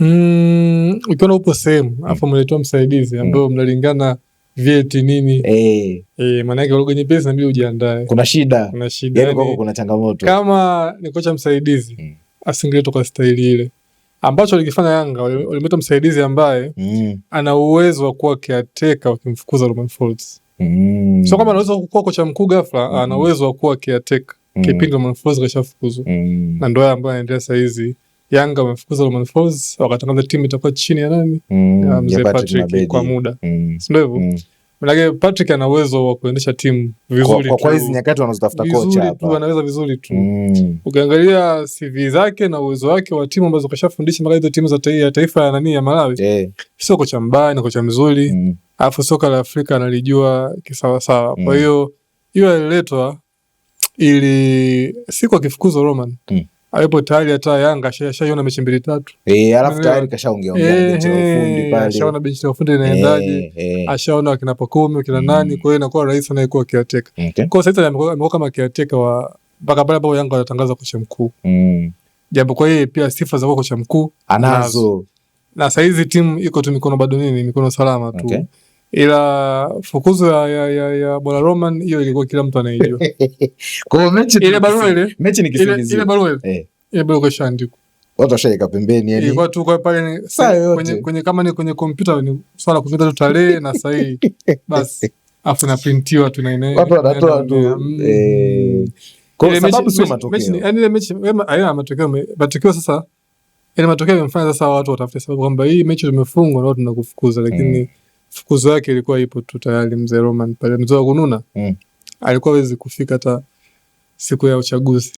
Mm, upo sehemu mm. afu mletoa msaidizi ambayo mm. mnalingana vyeti nini, eh eh, maana yake kwenye pesa ndio ujiandae, kuna shida, kuna yaani shida yani kwako, yaani kuna changamoto. Kama ni kocha msaidizi mm. asingetoka staili ile ambacho alikifanya Yanga, walimleta msaidizi ambaye mm. ana uwezo wa kuwa kiateka wakimfukuza Romain Folz mm. sio kama anaweza kuwa kocha mkuu ghafla mm. ana uwezo wa kuwa kiateka mm. kipindi Romain Folz kashafukuzwa mm. na ndio ambayo anaendelea saizi Yanga wamefukuza Romain Folz, wakatangaza timu itakuwa chini ya nani? Mm, ya mzee Patrick kwa muda, mm. si ndio hivyo? Mm. Manake Patrick ana uwezo wa kuendesha timu vizuri kwa hizi nyakati wanazotafuta kocha hapa, anaweza vizuri tu mm. Ukiangalia CV zake na uwezo wake wa timu ambazo kashafundisha mpaka hizo timu za taifa ya nani ya Malawi yeah. Sio kocha mbaya, ni kocha mzuri mm. Alafu soka la Afrika analijua kisawasawa mm. Kwa hiyo hiyo aliletwa ili siku kifukuzo Roman mm alipo tayari hata Yanga ashaiona mechi mbili tatu, eh, alafu tayari kashaongea ongea mechi eh, ya ufundi pale, ashaona mechi ya ufundi inaendaje, eh, eh. ashaona wakina Pakome wakina mm. nani, kwa hiyo inakuwa rahisi na ikuwa kiateka. Kwa sasa amekuwa kama kiateka wa mpaka pale ambapo Yanga wanatangaza kocha mkuu, mm. japo kwa hiyo pia sifa za kocha mkuu anazo, na saizi timu iko tu mikono bado nini, mikono salama tu. okay ila fukuzo ya, ya, ya, ya Bwana Roman hiyo ilikuwa kila mtu anaijua. Kwa hiyo mechi ile barua ile mechi ni kisingizio, eh. ile barua ile ile barua kashaandikwa, watu washaika pembeni, yani ilikuwa tu kwa pale kwenye kwenye kama ni kwenye kompyuta ni swala kuvuta tu tarehe na sahihi basi, afu na printiwa tu na ine watu wanatoa tu kwa eh. sababu sio matokeo, yani ile mechi hayo matokeo matokeo sasa ile matokeo yamfanya sasa watu watafute sababu kwamba hii mechi tumefungwa na tunakufukuza, lakini mm fukuzo yake ilikuwa ipo tu tayari. Mzee Roman pale, mzee wa kununa, mm. alikuwa hawezi kufika hata siku ya uchaguzi.